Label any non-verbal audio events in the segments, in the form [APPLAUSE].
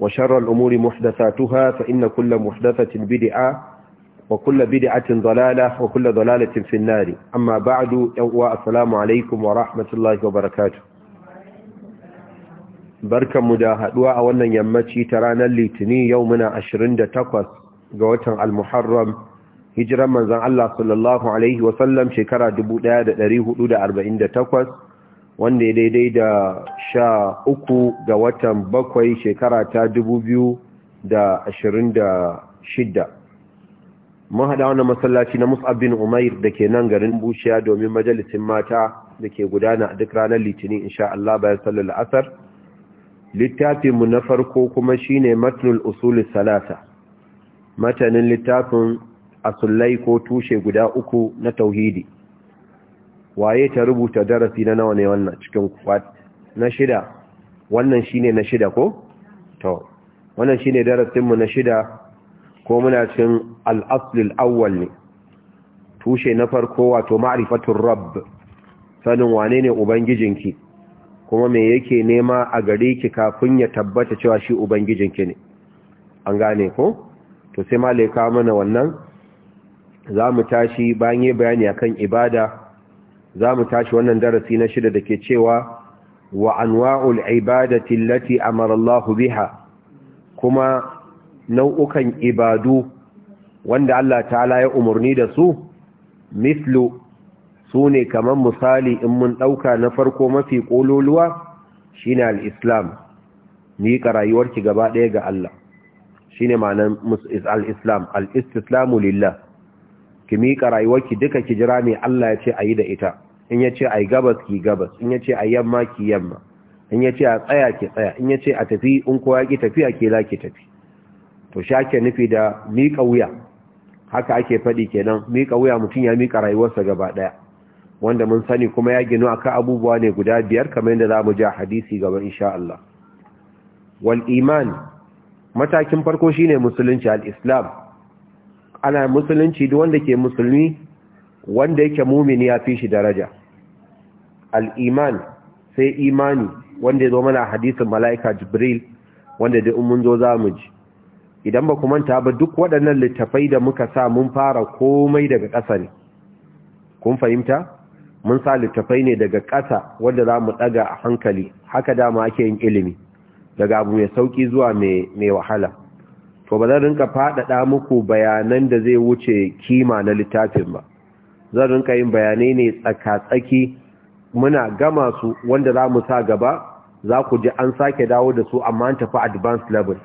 وشر الأمور محدثاتها فإن كل محدثة بدعة وكل بدعة ضلالة وكل ضلالة في النار أما بعد السلام عليكم ورحمة الله وبركاته بركة مداهدوا أولا يمتي ترانا الليتني يومنا عشرين تقوى قوتا المحرم هجرا من زن الله صلى الله عليه وسلم شكرا دبودا دريه أولا أربعين تقوى wanda ya daidai da sha uku ga watan bakwai shekara ta dubu biyu da ashirin da shidda mun haɗa wani masallaci na musabin umair da ke nan garin bushiya domin majalisin mata da ke gudana a duk ranar litinin insha Allah bayan sallar la'asar littafinmu na farko kuma shi ne matnul usulun salata matanin littafin a sullai ko tushe guda uku na tauhidi waye ta rubuta darasi na nawa ne wannan cikin kwat na shida wannan shine na shida ko to wannan shine darasin mu na shida ko muna cikin al-asl al-awwal ne tushe na farko wato ma'rifatur rabb sanin wane ne ubangijinki kuma me yake nema a gare ki kafin ya tabbata cewa shi ubangijinki ne an gane ko to sai malaika mana wannan za mu tashi bayan yi bayani akan ibada za mu tashi wannan darasi na shida da ke cewa wa anwa'ul ibadati lati biha kuma nau'ukan ibadu wanda Allah ta'ala ya umarni da su mislu su ne kamar misali in mun ɗauka na farko mafi ƙololuwa ne al-islam miƙa rayuwarki gaba ɗaya ga Allah Shi ne ma'anar al-islam al-istislamu lillah ki miƙa rayuwarki duka ki jira mai Allah ya ce a yi da ita in ya ce a yi gabas ki gabas in ya ce a yamma ki yamma in ya ce a tsaya ki tsaya in ya ce a tafi in kowa ki tafiya ke la ki tafi to shi ake nufi da miƙa wuya haka ake faɗi kenan miƙa wuya mutum ya miƙa rayuwarsa gaba ɗaya wanda mun sani kuma ya ginu akan abubuwa ne guda biyar kamar yadda za mu ji hadisi gaba insha Allah wal iman matakin farko shine musulunci al islam ana musulunci duk wanda ke musulmi wanda yake mumini ya fi shi daraja al-iman sai imani wanda ya zo mana hadisin mala'ika jibril wanda da mun zo za ji idan ba manta ba duk waɗannan littafai da muka sa mun fara komai daga ƙasa ne kun fahimta mun sa littafai ne daga ƙasa wanda za mu ɗaga a hankali haka dama ake yin ilimi daga abu mai sauƙi zuwa mai wahala to ba zan rinka faɗaɗa muku bayanan da zai wuce kima na littafin ba zan rinka yin bayanai ne tsaka-tsaki muna gama su wanda za mu sa gaba za ku ji an sake dawo da su amma an tafi advanced level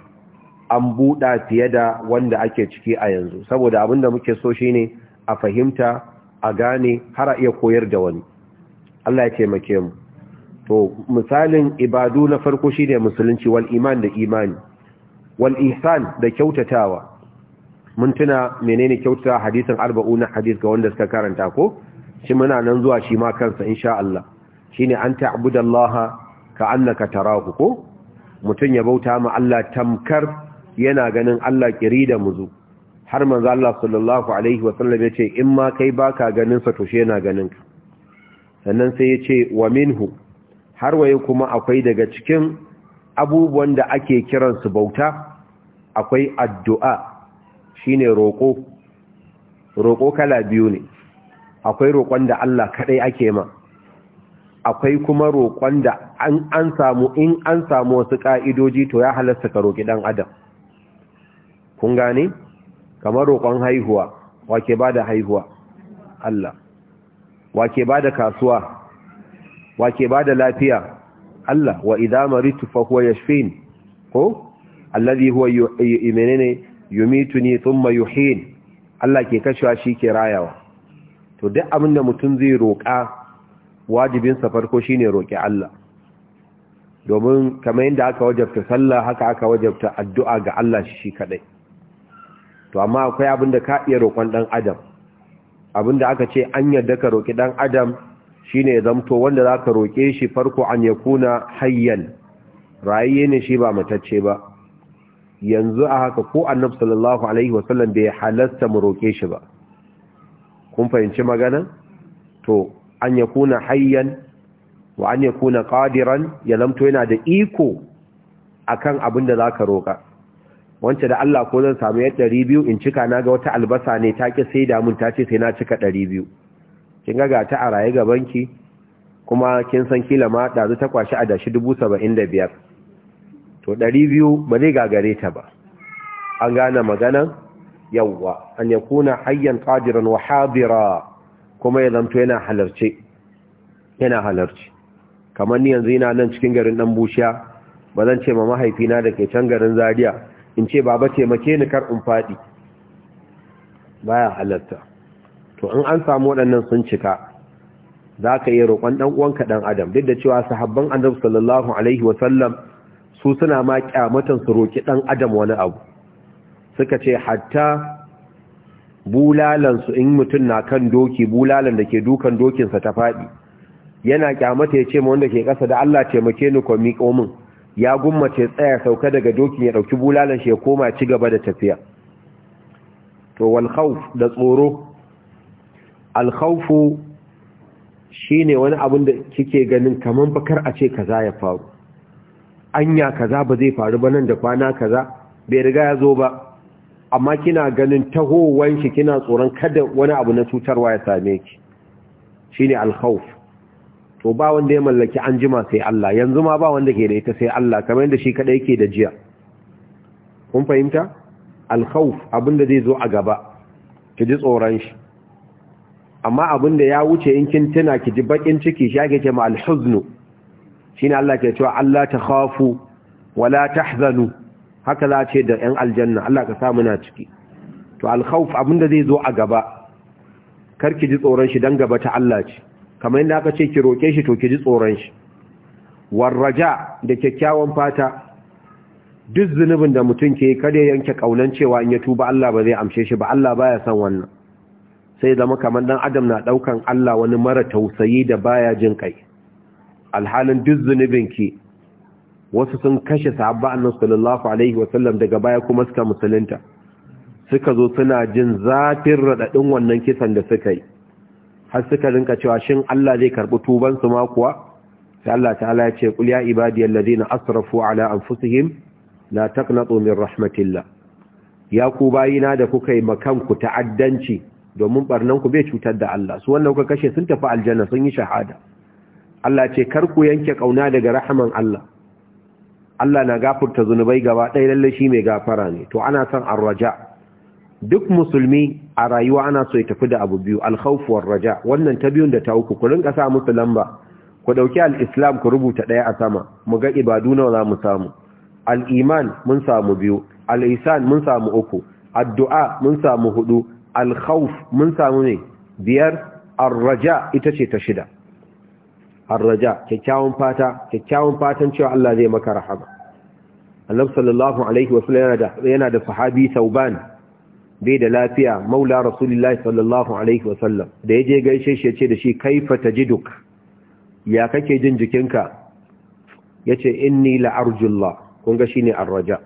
an buɗa fiye da wanda ake ciki a yanzu saboda abin da muke so shine a fahimta a gane har a iya koyar da wani Allah ya taimake mu to misalin ibadu na farko shine musulunci wal iman da imani wal da kyautatawa mun tuna menene kyautata hadisin na hadis ga wanda suka karanta ko shi muna nan zuwa shi ma kansa insha Allah ne an ta'budallaha ka annaka tarahu ko mutum ya bauta ma Allah tamkar yana ganin Allah kiri da muzu har manzo Allah sallallahu alaihi wa sallam yace in ma kai baka ganin sa to shi yana ganin ka sannan sai yace wa minhu har waye kuma akwai daga cikin abubuwan da ake kiransu bauta akwai addu'a shine roƙo roƙo kala biyu ne akwai roƙon da Allah kaɗai ake ma akwai kuma roƙon da an samu in an samu wasu ƙa'idoji to ya halasta ka roƙi ɗan adam kun gane kamar roƙon haihuwa wake ba da haihuwa Allah wake ba da kasuwa wake ba da lafiya Allah wa idza maritu fa huwa yashfin ko alladhi huwa yu'minuni yumituni thumma yuhin Allah ke kashewa shi ke rayawa to duk abin da mutum zai roƙa wajibin sa farko shine roƙi Allah domin kamar yadda aka wajabta sallah haka aka wajabta addu'a ga Allah shi kadai to amma akwai abin da ka iya roƙon dan adam abin da aka ce an yarda ka roƙi dan adam Shi ne zamto wanda za ka roƙe shi farko an ya kuna hayyan rayaye ne shi ba matacce ba yanzu a haka ko annabi sallallahu alaihi wasallam bai halasta mu roƙe shi ba kun fahimci magana to an ya kuna hayyan wa an kuna ƙadiran ya zamto yana da iko a kan abin da za ka roƙa. Wancan da Allah ko zan samu ya biyu in cika na ga wata albasa ne ta ƙi sai damun ta ce sai na cika ɗari biyu. kin ga ta a raye gabanki kuma kin san kila ma ɗazu ta kwashi a dashi dubu saba'in da biyar to ɗari biyu ba zai gagare ta ba an gane maganan yawwa an yakuna hayyan ƙadiran wa hadira kuma ya zanto yana halarce yana halarci kamar ni yanzu yana nan cikin garin ɗan bushiya ba zan ce ma mahaifina da ke can garin Zariya. in ce baba ce taimake ni kar in faɗi baya halarta to in an samu waɗannan sun cika za ka iya roƙon ɗan'uwanka uwanka ɗan adam duk da cewa sahabban annabi sallallahu alaihi wasallam su suna ma ƙyamatan su roƙi ɗan adam wani abu suka ce hatta bulalansu in mutum na kan doki bulalan da ke dukan dokinsa ta faɗi yana ƙyamata ya ce ma wanda ke ƙasa da Allah taimake ni ko miƙo min ya gummace tsaya sauka daga dokin ya ɗauki bulalan shi ya koma ci gaba da tafiya to wal khawf da tsoro alkhawfu shine wani abin da kike ganin kaman bakar a ce kaza ya faru anya kaza ba zai faru ba nan da kwana kaza bai riga ya zo ba amma kina ganin tahowan shi kina tsoron kada wani abu na cutarwa ya same ki shine alkhawf to ba wanda ya mallaki anjima jima sai Allah yanzu ma ba wanda ke da ita sai Allah kamar yadda shi kada yake da jiya kun fahimta alkhawf abinda zai zo a gaba ki ji tsoron shi amma abin da ya wuce in kin tuna ki ji bakin ciki shi ake ce ma alhuznu. Shi shine Allah ke cewa Allah ta khafu wala tahzanu haka za ce da 'yan aljanna Allah ka sa muna ciki to al abin da zai zo a gaba kar ki ji tsoron shi dan gaba ta Allah ce kamar yadda aka ce ki roke shi to ki ji tsoron shi warraja da kyakkyawan fata duk zunubin da mutum ke kada yanke kaunan cewa in ya tuba Allah ba zai amshe shi ba Allah baya son wannan sai zama kamar dan adam na daukan Allah wani mara tausayi da baya jin kai alhalin duk zunubinki wasu sun kashe sahabba annabi sallallahu alaihi wasallam daga baya kuma suka musulunta suka zo suna jin zafin radadin wannan kisan da suka yi har suka rinka cewa shin Allah zai karbi tuban su ma kuwa sai Allah ta'ala ya ce qul ya ibadiyal ladina asrafu ala anfusihim la taqnatu min rahmatillah ya ku bayina da kuka yi makanku ta'addanci domin barnan ku bai cutar da Allah su wannan kuka kashe sun tafi aljanna sun yi shahada Allah ce kar ku yanke kauna daga rahaman Allah Allah na gafarta zunubai gaba ɗaya lalle shi mai gafara ne to ana son arraja duk musulmi a rayuwa ana so ya tafi da abu biyu alkhawf war raja wannan ta biyun da ta uku ku rinka sa musu lamba ku dauki al-islam ku rubuta ɗaya a sama mu ga ibadu nawa za mu samu al-iman mun samu biyu al mun samu uku addu'a mun samu hudu alkhawf mun samu ne biyar arraja ita ce ta shida arraja kyakkyawan fata kyakkyawan fatan cewa Allah zai maka rahama annabi sallallahu alaihi sallam yana da yana da sahabi bai da lafiya maula rasulullahi sallallahu alaihi sallam. da yaje gaishe shi yace da shi kaifa tajiduk ya kake jin jikinka yace inni la arjullah kun ga shine arraja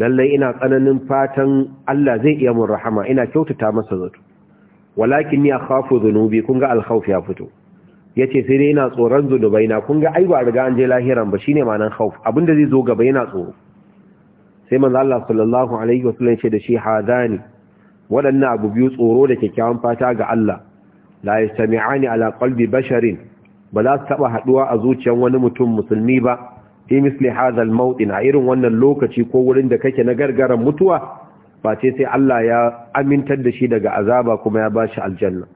lallai ina tsananin fatan Allah zai iya mun rahama ina kyautata masa zato walakin ni akhafu dhunubi kun ga alkhawf ya fito yace sai dai ina tsoron zunubai na kun ga ai ba riga an je lahiran ba shine manan khawf abinda zai zo gaba yana tsoro sai manzo Allah sallallahu alaihi wasallam ce da shi hadani wadannan abu biyu tsoro da kyakkyawan fata ga Allah la yastami'ani ala qalbi basharin ba za su taba haduwa a zuciyar wani mutum musulmi ba fi misli hadha al irin wannan lokaci ko wurin da kake na gargaran mutuwa ba ce sai Allah ya amintar da shi daga azaba kuma ya bashi aljanna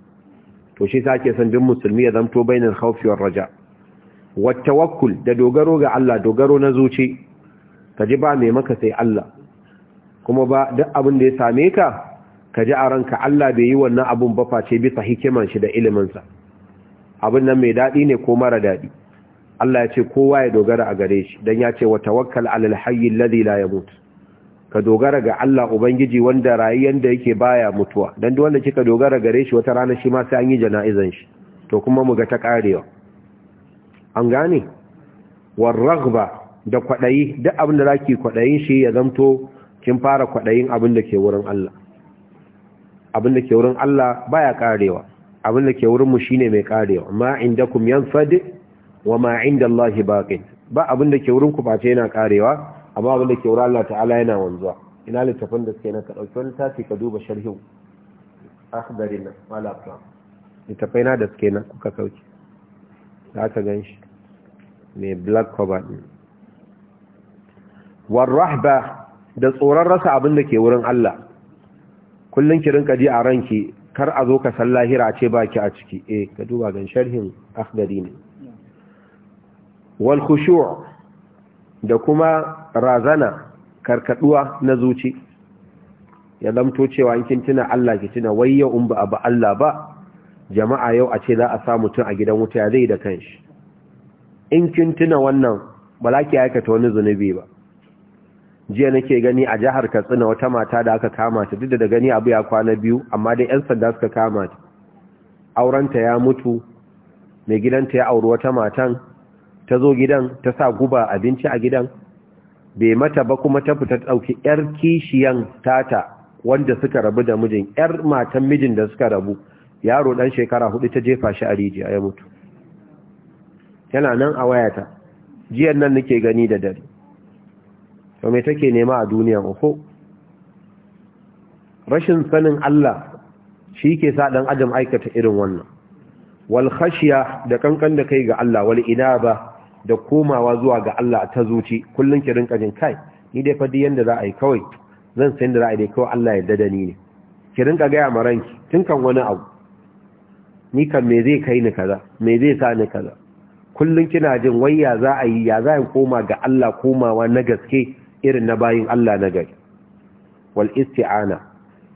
to shi sake san duk musulmi ya zanto bainal khawfi war raja wa tawakkul da dogaro ga Allah dogaro na zuci kaji ba mai maka sai Allah kuma ba duk abin da ya same ka kaji a ranka Allah bai yi wannan abun ba face bisa hikiman shi da ilimin sa abin nan mai dadi ne ko mara dadi Allah ya ce kowa ya dogara a gare shi dan ya ce wa tawakkal alal hayy alladhi ya mutu? ka dogara ga Allah ubangiji wanda rayuwar da yake baya mutuwa dan duk wanda kika dogara gare shi wata rana shi ma sai an yi jana'izan shi to kuma mu ga ta karewa an gane war ragba da kwadayi duk abin da zaki kwadayin shi ya zamto kin fara kwadayin abin da ke wurin Allah abin da ke wurin Allah baya karewa abin da ke wurin mu shine mai karewa ma indakum yanfadi wa ma inda Allah baqin ba abin da ke wurin ku bace yana karewa amma abin da ke wurin Allah ta'ala yana wanzuwa ina littafin da suke na ka dauki wani tafi ka duba sharhin akhdarin wala aflam littafai na da suke na kuka sauki za ka ganshi ne black cover din warrahba da tsoron rasa abin da ke wurin Allah kullun ki rinka ji a ranki kar a zo ka sallahira ce baki a ciki eh ka duba gan sharhin akhdari ne wal da kuma razana karkaduwa na zuci ya zamto cewa in kin tuna Allah ki tuna yau in ba abu Allah ba jama'a yau a ce za a samu tun a gidan wuta ya zai da kanshi in kin tuna wannan ba za ki aikata wani zunubi ba jiya nake gani a jihar Katsina wata mata da aka kama ta duk da gani abu ya kwana biyu amma dai yan sanda suka kama ta aurenta ya mutu mai gidanta ya auri wata matan ta zo gidan ta sa guba abinci a gidan bai mata ba kuma ta fita ɗauki 'yar kishiyan tata wanda suka rabu da mijin 'yar matan mijin da suka rabu yaro ɗan shekara hudu ta jefa shi a rijiya ya mutu yana nan a wayata jiyan nan nake gani da dare to me take nema a duniya oho rashin sanin Allah shi ke sa ɗan adam aikata irin wannan wal khashiya da kankan da kai ga Allah wal inaba da komawa zuwa ga Allah ta zuci kullun ki rinka jin kai ni dai fa yanda za a yi kawai zan san da za a yi kawai Allah ya dada ni ne ki rinka gaya ma ranki tun kan wani abu ni kan me zai kai ni kaza me zai sa ni kaza kullun kina jin wai ya za a yi ya za a koma ga Allah komawa na gaske irin na bayin Allah na gari wal isti'ana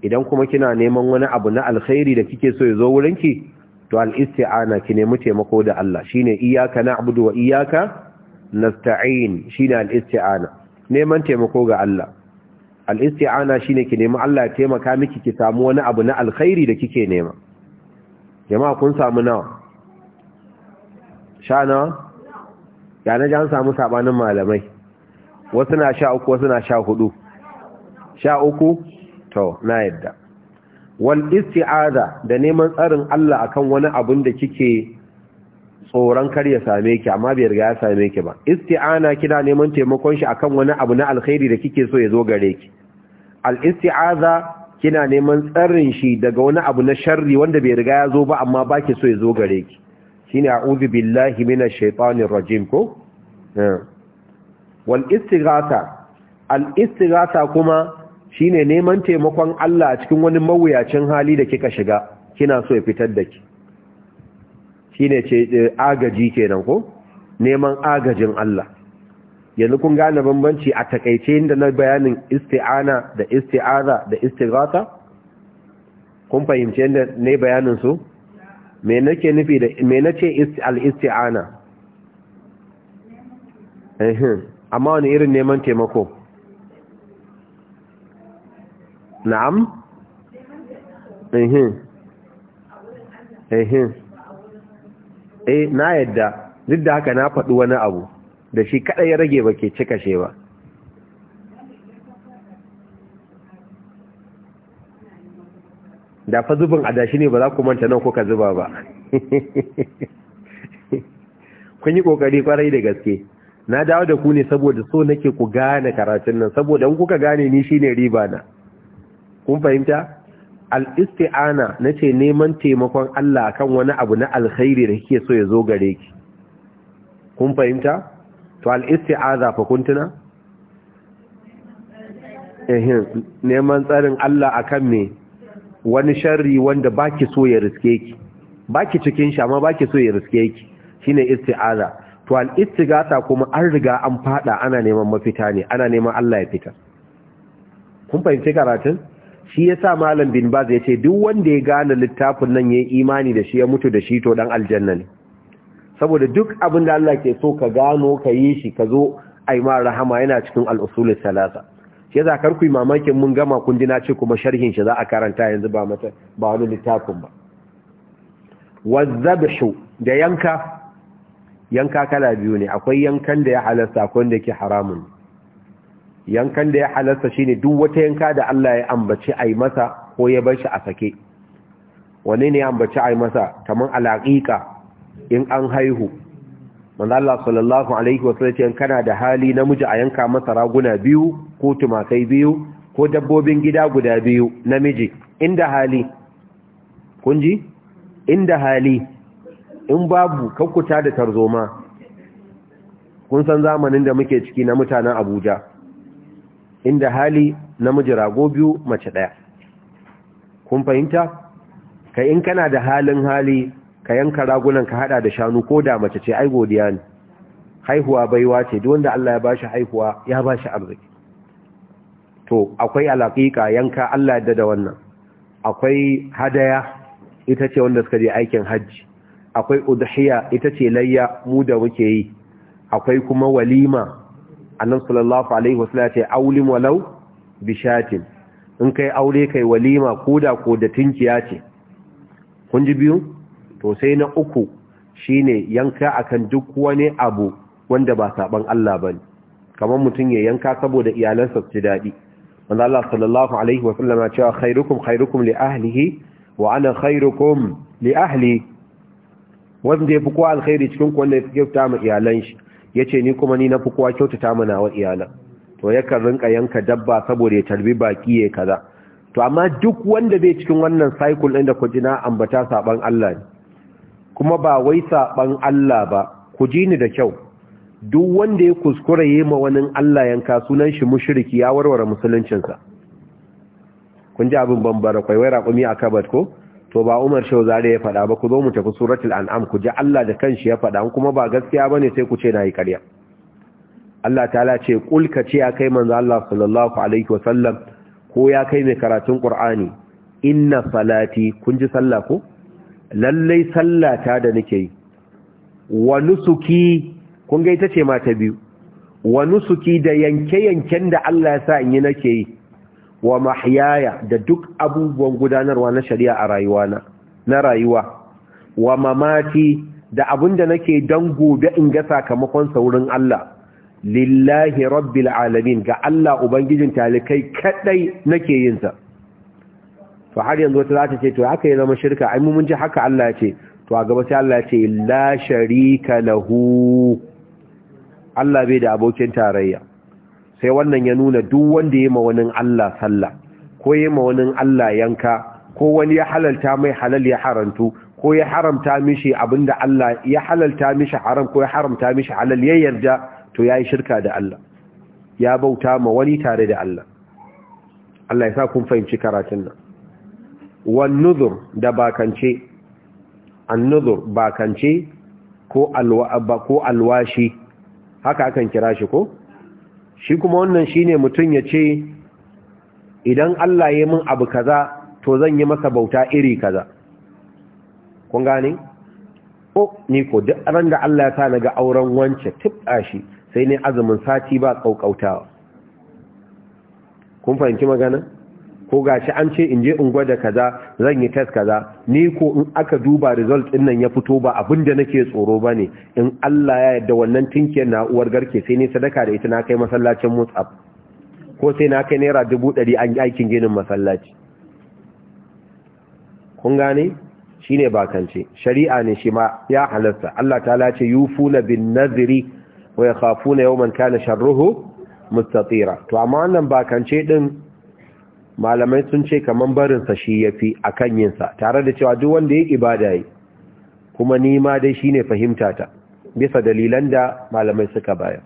idan kuma kina neman wani abu na alkhairi da kike so ya zo wurinki to al-isti'ana ki nemi taimako da Allah shine iyyaka na'budu wa iyyaka nasta'in shine al-isti'ana neman taimako ga Allah al-isti'ana shine ki nemi Allah ya taimaka miki ki samu wani abu na alkhairi da kike nema jama'a kun samu nawa sha nawa ya na jan an samu sabanin malamai wasu na sha uku wasu na sha hudu sha uku to na yadda wal isti'aza da neman tsarin Allah akan wani abun da kike tsoron kar ya same ki amma bai riga ya same ki ba isti'ana kina neman taimakon shi akan wani abu na alkhairi da kike so ya zo gare ki al isti'aza kina neman tsarin shi daga wani abu na sharri wanda bai riga ya zo ba amma baki so ya zo gare ki shine a'udhu billahi minash shaitanir rajim ko eh. wal istighatha al istighatha kuma shine neman taimakon Allah a cikin wani mawuyacin hali da kika shiga kina so ya fitar da ki shine ce eh, agaji kenan ko neman agajin Allah yanzu kun gane bambanci a takaice inda na bayanin isti'ana da isti'aza da istighatha kun fahimci inda ne bayanin su me nake nufi da me nace al-isti'ana amma wani irin neman taimako na'am ehin eh na yarda duk da haka na faɗi wani abu da shi kaɗai ya rage ba ke cika she ba da fa zubin adashi ne ba za ku manta nan kuka zuba ba [LAUGHS] kun yi ƙoƙari kwarai da gaske na dawo da ku ne saboda so nake ku gane karatun nan saboda in kuka gane ni shine riba na kun fahimta al-isti'ana nace neman taimakon Allah akan wani abu na alkhairi da kike so ya zo gare ki kun fahimta to al-isti'aza fa kuntuna eh neman tsarin Allah akan me wani sharri wanda baki so ya riske ki baki cikin shi amma baki so ya riske ki shine isti'aza to al-istighatha kuma an riga an fada ana neman mafita ne ana neman Allah ya fita kun fahimci karatun shi yasa malam bin baz ce duk wanda ya gane littafin nan yayin imani da shi ya mutu da shi to dan aljanna ne saboda duk abin da Allah ke so ka gano ka yi shi ka zo ai ma rahama yana cikin al-usul salasa shi yasa kar ku yi mamakin mun gama kun ji na ce kuma sharhin shi za a karanta yanzu ba mata ba wani littafin ba wazzabhu da yanka yanka kala biyu ne akwai yankan da ya halasta akwai wanda ke haramun yankan da ya halasta shine duk wata yanka da Allah ya ambaci ai masa ko ya bar shi a sake wani ne ya ambaci ai masa kaman alaqiqa in an haihu manzo Allah sallallahu alaihi wasallam kana da hali namiji a yanka masa raguna biyu ko tumakai biyu ko dabbobin gida guda biyu namiji inda hali kunji inda hali in babu kakkuta da tarzoma kun san zamanin da muke ciki na mutanen Abuja inda hali namiji rago biyu mace ɗaya kun fahimta ka in kana da halin hali ka yanka ragunan ka hada da shanu ko da mace ce ai godiya ne haihuwa baiwa ce duk wanda Allah ya bashi haihuwa ya bashi arziki to akwai alaƙiƙa yanka Allah yadda da wannan akwai hadaya ita ce wanda suka je aikin hajji akwai udhiya ita ce layya mu da muke yi akwai kuma walima annabi sallallahu alaihi wasallam ya ce aulim walau bishatin in kai aure kai walima koda ko da tinkiya ce kun ji biyu to sai na uku shine yanka akan duk wani abu wanda ba saban Allah bane kamar mutum ya yanka saboda iyalansa su daɗi wanda Allah sallallahu alaihi wasallam ya ce khairukum khairukum li ahlihi wa ana khairukum li ahli wanda ya fi kowa alkhairi cikin ku wanda ya fi kyauta ma iyalan shi Ya ce ni kuma ni na fi kowa kyautata mana wa iyalan to yakan rinka yanka dabba saboda ya tarbi baki ya kaza to amma duk wanda bai cikin wannan cycle ɗin da ku ji na ambata saɓan Allah ne kuma ba wai saɓan Allah ba ku ji ni da kyau duk wanda ya kuskura yi ma wani Allah yanka sunan shi mushriki ya warware musuluncinsa kun ji abin bambara kwaiwai raƙumi a kabat ko to ba Umar Shauzari ya faɗa ba ku zo mu tafi suratul an'am ku ji Allah da kanshi ya faɗa kuma ba gaskiya bane sai ku ce nayi ƙarya Allah ta'ala ce kul ka ce ya kai manzo Allah sallallahu alaihi wasallam ko ya kai mai karatun Qur'ani inna salati kun ji sallah ko lallai sallata da nake yi wa nusuki kun ga ita ce mata biyu wa nusuki da yanke yanken da Allah ya sa in yi nake yi wa mahyaya da duk abubuwan gudanarwa na shari'a a rayuwana na rayuwa wa mamati da abun da nake dan gobe in ga sakamakon saurin Allah lillahi rabbil alamin ga Allah ubangijin talikai kadai nake yin sa to har yanzu wata zata ce to haka yana mushrika shirka ai mun ji haka Allah ya ce to a gaba sai Allah ya ce la sharika lahu Allah bai da abokin tarayya sai wannan ya nuna duk wanda ya ma wani Allah sallah ko ya ma wani Allah yanka ko wani ya halalta mai halal ya harantu ko ya haramta mishi abinda Allah ya halalta mishi haram ko ya haramta mishi halal ya yarda to yayi shirka da Allah ya bauta ma wani tare da Allah Allah ya sa kun fahimci karatun nan wan nuzur da bakance an nuzur bakance ko alwa ko alwashi haka akan kira shi ko shi kuma wannan shine mutum ya ce idan Allah ya min abu kaza to zan yi masa bauta iri kaza kun gane ko ni ko duk ran da Allah ya sa na ga auren wance tubda shi sai ne azumin sati ba kaukautawa kun fahimci magana ko gashi an ce in je in gwada kaza zan yi test kaza ni ko in aka duba result din nan ya fito ba abin da nake tsoro ne, in Allah ya yarda wannan tinkiyar na uwar garke sai ni sadaka da ita na kai masallacin mutsaf ko sai na kai naira dubu ɗari an aikin ginin masallaci kun gane shi ne kance shari'a ne shi ma ya halarta Allah ta lace yufuna bin naziri wa ya yawman kana sharruhu mustatira to amma wannan bakance din malamai sun ce kaman barinsa shi ya fi a kan yinsa tare da cewa duk wanda ya ibada yi kuma nima dai shi ne fahimtata bisa dalilan da malamai suka baya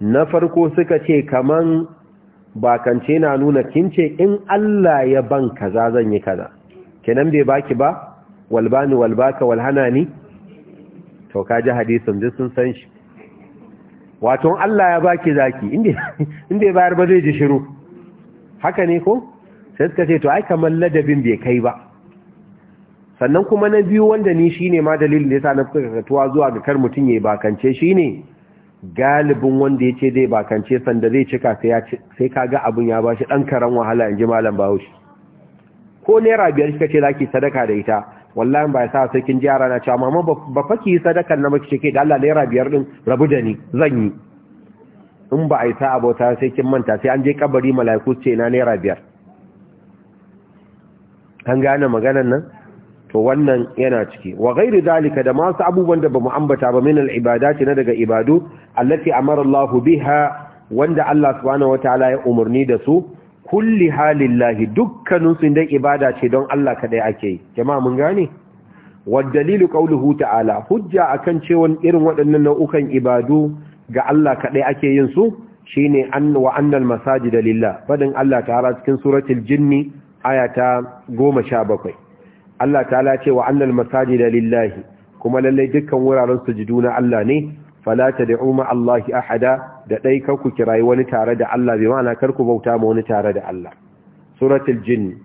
na farko suka ce kaman bakance na nuna kince in Allah ya ban kaza zan yi kaza kenan bai baki ba walbani walbaka walhanani to ka ji hadisin duk sun san shi wato Allah ya baki zaki inda ya bayar ba zai ji shiru haka ne ko sai suka ce to ai kamar ladabin bai kai ba sannan kuma na biyu wanda ni shine ma dalilin da yasa na fuka kakatuwa zuwa ga kar mutum ya bakance shine galibin wanda yace zai bakance sanda zai cika sai ya sai kaga abun ya bashi dan karan wahala inji malam Bahaushe ko naira biyar kika ce zaki sadaka da ita wallahi ba sa sai kin ji yara na cewa mama ba faki sadakan na miki cike da Allah naira biyar din rabu da ni zan yi in ba a yi sa'a sai kin manta sai an je kabari mala'iku ce na naira biyar an gane maganan nan to wannan yana ciki wa ghairi zalika da masu abubuwan da bamu ambata ba min ibada ce na daga ibadu allati Amarallahu Allahu biha wanda Allah subhanahu wataala ya umarni da su kulli halillahi dukkanin su dai ibada ce don Allah kadai ake yi jama'a mun gane wa dalilu qawluhu ta'ala hujja akan cewa irin waɗannan nau'ukan ibadu ga Allah kaɗai ake yin su shine an wa'annan masaji masajida lillah fadin Allah hara cikin suratul jinni goma sha bakwai. Allah ta'ala ce wa'annan masaji masajida lillahi kuma lallai dukkan wuraren sujudu na Allah ne fala da ma Allah ahada da dai ku kirayi wani tare da Allah bai ma'ana karku bauta ma wani tare da Allah suratul jinn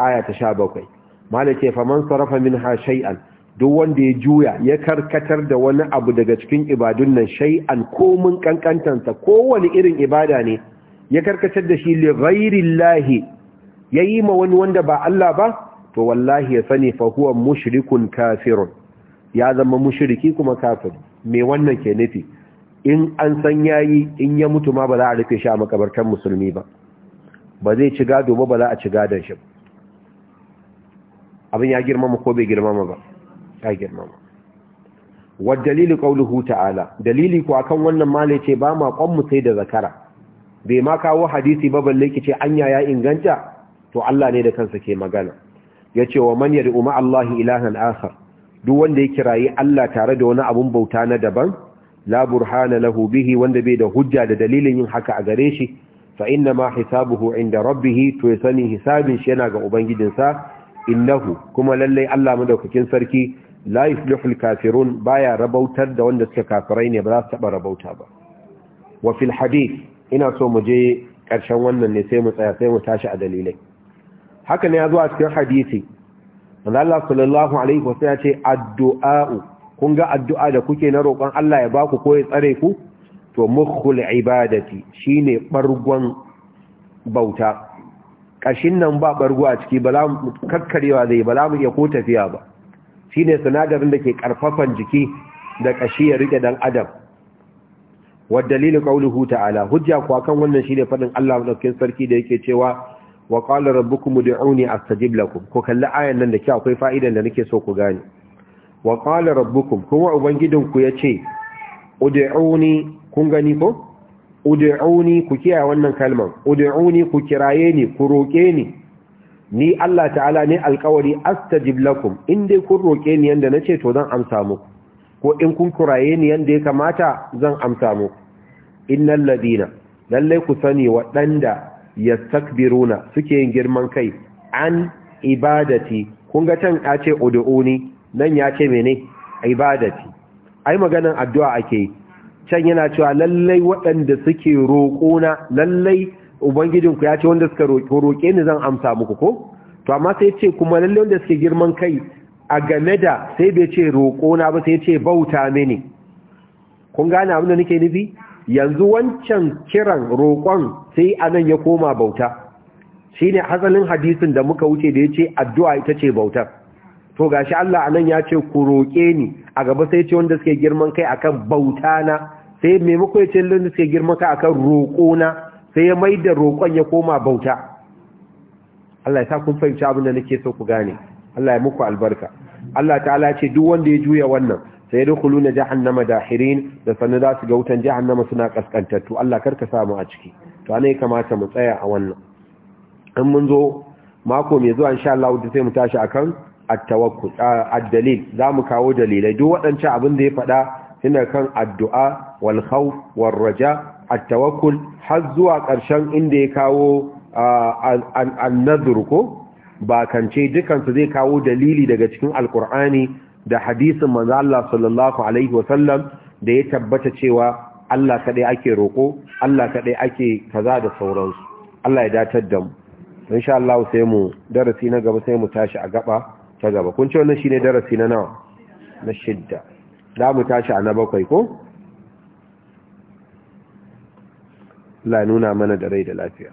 aya ta 17 malaka faman sarafa minha shay'an duk wanda ya juya ya karkatar da wani abu daga cikin ibadun nan an komin kankantansa kowane irin ibada ne ya karkatar da shi li ya yi ma wani wanda ba Allah ba to wallahi ya sani fahuwan mushrikun kafirun ya zama mushriki kuma kafir mai wannan ke nufi in an san yayi in ya mutu ma ba za a rufe shi a makabartan musulmi ba ba zai ci gado ba ba za a ci gadon shi abin ya girmama ko bai girmama ba ta girmama dalili kauluhu ta'ala dalili a akan wannan mala ce ba ma kwan sai da zakara bai ma kawo hadisi ba balle ki ce anya ya inganta to Allah ne da kansa ke magana Ya ce wa man uma umar Allah ilahan asar duk wanda ya kirayi Allah tare da wani abun bauta na daban la burhana lahu bihi wanda bai da hujja da dalilin yin haka a gare shi fa inna ma hisabuhu inda rabbih to ya sani hisabin shi yana ga ubangijinsa innahu kuma lallai Allah madaukakin sarki la yuflihul kafirun baya rabautar da wanda suke kafirai ne ba za su taba rabauta ba wa fil hadith ina so mu je ƙarshen wannan ne sai mu tsaya sai mu tashi a dalilai haka ne ya zo a cikin hadisi Allah sallallahu alaihi wasallam ya ce addu'a kun ga addu'a da kuke na roƙon Allah ya baku ko ya tsare ku to mukhul ibadati shine bargon bauta kashin nan ba bargo a ciki ba za mu kakkarewa zai ba za mu iya ko tafiya ba ne sinadarin da ke karfafan jiki da kashi ya rike dan adam wa dalilu qawluhu ta'ala hujja kuwa kan wannan shi ne faɗin Allah ɗaukin sarki da yake cewa wa qala rabbukum a astajib lakum ko kalli ayan nan da ke akwai fa'idan da nake so ku gane wa qala rabbukum kuma ubangidinku yace ya kun gani ko ku kiyaye wannan kalmar ud'uni ku kiraye ni ku roƙe ni ni Allah ta'ala ne alkawari astajib lakum in dai kun roƙe ni yanda nace to zan amsa muku ko in kun kuraye ni yanda ya kamata zan amsa muku innal ladina lalle ku sani waɗanda yastakbiruna suke yin girman kai an ibadati kun ga can ya ce ud'uni nan ya ce mene ibadati ai maganan addu'a ake can yana cewa lallai waɗanda suke roƙona lallai ubangijinku ya ce wanda suka roƙe ni zan amsa muku ko to amma sai ce kuma lalle wanda suke girman kai a game da sai bai ce roƙo na ba sai ce bauta mini kun gane abin da nake nufi yanzu wancan kiran roƙon sai anan ya koma bauta Shi ne hasalin hadisin da muka wuce da ce addu'a ita ce bauta to ga shi Allah anan ya ce ku roƙe ni a gaba sai ce wanda suke girman kai akan bauta na sai maimako ya ce wanda suke girman kai akan roƙo na sai ya mai da roƙon ya koma bauta Allah ya sa kun fahimci abin da nake so ku gane Allah ya muku albarka Allah ta'ala ce duk wanda ya juya wannan sai da na jahannama dahirin da sanu za su ga wutan jahannama suna kaskantattu Allah kar ka samu a ciki to ana kamata mu tsaya a wannan in mun zo mako mai zuwa insha Allah sai mu tashi akan at-tawakkul ad-dalil zamu kawo dalilai duk waɗancan abin da ya faɗa suna kan addu'a wal khawf war raja at-tawakkul har zuwa ƙarshen inda ya kawo an ko ba kance dukan su zai kawo dalili daga cikin alqur'ani da hadisin manzo Allah sallallahu alaihi wasallam da ya tabbata cewa Allah kaɗai ake roko, Allah kaɗai ake kaza da sauransu. Allah ya datar da mu. Insha Allah sai mu darasi na gaba sai mu tashi a gaba ta gaba. Kun ce wannan shine darasi na nawa? Na shidda. Za mu tashi a na bakwai ko? la nuna mana da rai da lafiya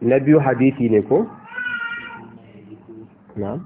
na biyu hadisi ne ko? na'am